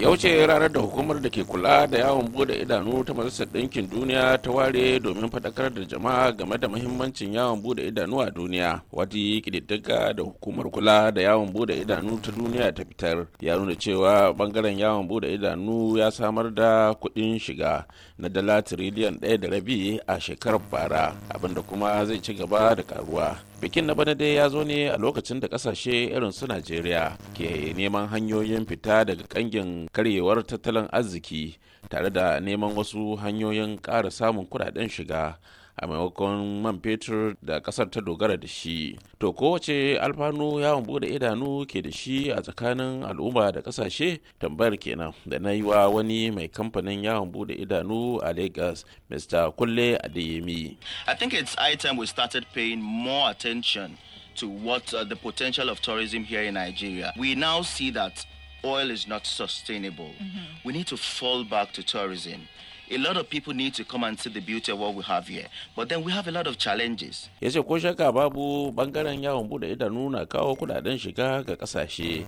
ya wuce ranar da hukumar da ke kula da yawon bude idanu ta majalisar ɗinkin duniya ta ware domin faɗakar da jama'a game da mahimmancin yawon bude idanu a duniya yi ƙididdiga da hukumar kula da yawon bude idanu ta duniya ta fitar ya nuna cewa bangaren yawon bude idanu ya samar da kuɗin shiga na dala tiriliyan ɗaya da rabi a shekarar bara abinda kuma zai ci gaba da karuwa bikin na bana dai ya zo ne a lokacin da kasashe irin su najeriya ke neman hanyoyin fita daga kangin karyewar tattalin arziki tare da neman wasu hanyoyin ƙara samun kudaden shiga a maimakon man fetur da kasar ta dogara da shi to kowace alfanu yawon bude idanu ke da shi a tsakanin al'umma da kasashe tambayar kenan da na yi wa wani mai kamfanin yawon bude idanu a lagos mr kulle adeyemi i think it's high time we started paying more attention to what uh, the potential of tourism here in nigeria we now see that oil is not sustainable. Mm-hmm. We need to fall back to tourism. A lot of people need to come and see the beauty of what we have here. But then we have a lot of challenges. Ya ce ko shaka babu bangaren yawon bude idanu na kawo kudaden shiga ga kasashe,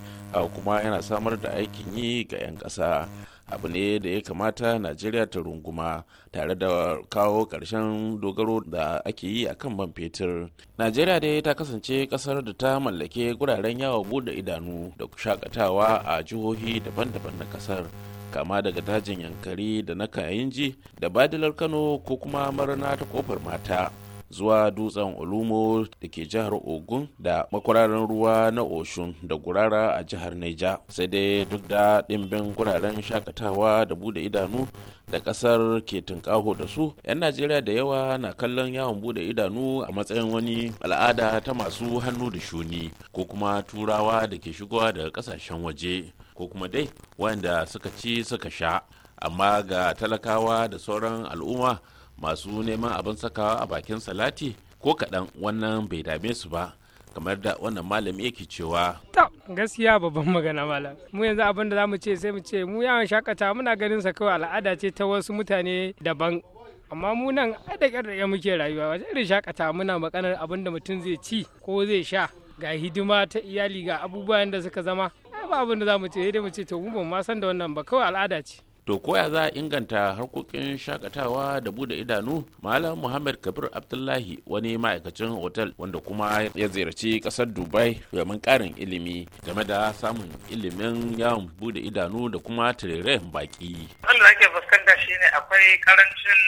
kuma yana samar da aikin yi ga 'yan ƙasa. abu ne da ya kamata najeriya ta runguma tare da kawo ƙarshen dogaro da ake yi a kan man fetur najeriya dai ta kasance ƙasar da ta mallake guraren yawon bude idanu da shakatawa a jihohi daban-daban na ƙasar kama daga dajin yankari da na kayan ji, da badilar kano ko kuma marana ta kofar mata zuwa dutsen olumo da ke jihar ogun da makwararin ruwa na oshun da gurara a jihar neja sai dai duk da ɗimbin guraren shakatawa da bude idanu da ƙasar ke tunkaho da su 'yan najeriya da yawa na kallon yawon bude idanu a matsayin wani al'ada ta masu hannu da shuni ko kuma turawa da ke shigowa daga ƙasashen waje ko kuma dai wanda suka ci suka sha amma ga talakawa da sauran al'umma masu neman abin sakawa a bakin salati ko kaɗan wannan bai dame su ba kamar da wannan malami yake cewa ta gaskiya babban magana malam mu yanzu abin da zamu ce sai mu ce mu yawan shakata muna ganin sa kawai al'ada ce ta wasu mutane daban amma mu nan da ƙyar muke rayuwa wace irin shakata muna maganar abin da mutum zai ci ko zai sha ga hidima ta iyali ga abubuwan da suka zama ba abin da zamu ce sai dai mu ce to mu ban ma san da wannan ba kawai al'ada ce To koya za a inganta harkokin shakatawa da bude idanu? Malam Muhammad Kabir Abdullahi wani ma'aikacin hotel wanda kuma ya ziyarci kasar Dubai domin karin ilimi game da samun ilimin yawon bude idanu da kuma tiraren baki. Wanda ake fuskanta shine akwai karancin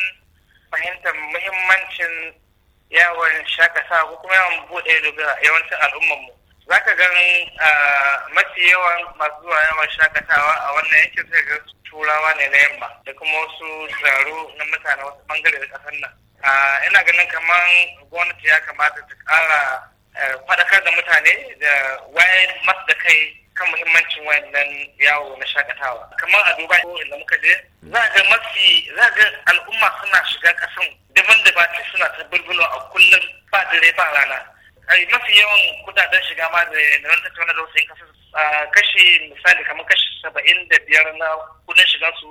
fahimtar muhimmancin yawon shakatawa ko kuma yawon bude yawancin mu za ka gan ah, mafi yawan masu zuwa yawan shakatawa a wannan yankin sai ga turawa ne na yamma da kuma wasu tsaro na mutane wasu bangare da kasar nan ah, ina ganin kamar gwamnati ya kamata ta kara eh, faɗakar da mutane da wayar masu da kai kan muhimmancin wayannan yawo na shakatawa kamar a duba inda muka je za ga mafi za ga al'umma suna shiga kasan daban-daban suna ta bulbulo a kullum ba dare ba rana mafi yawan kudaden shiga ma da nan tattalin da wasu kasa kashi misali kamar kashi saba'in da biyar na kudin shiga su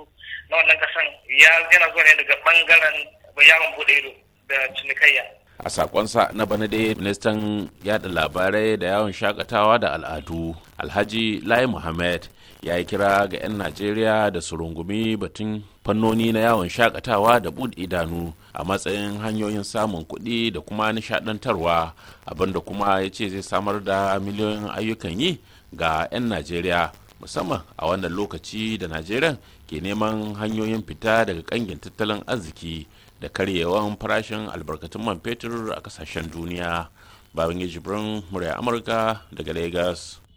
na wannan kasan yana zuwa ne daga bangaren yawon bude ido da cinikayya a sakonsa na bana dai ministan yada labarai da yawon shakatawa da al'adu alhaji lai muhammad ya yi kira ga 'yan najeriya da su rungumi batun fannoni na yawon shakatawa da bud idanu a matsayin hanyoyin samun kuɗi da kuma nishadantarwa abinda kuma ya ce zai samar da miliyoyin ayyukan yi ga 'yan najeriya musamman a wannan lokaci da najeriya ke neman hanyoyin fita daga kangin tattalin arziki da karyewan farashin albarkatun man fetur a kasashen duniya babangeji jibrin murya amurka daga lagos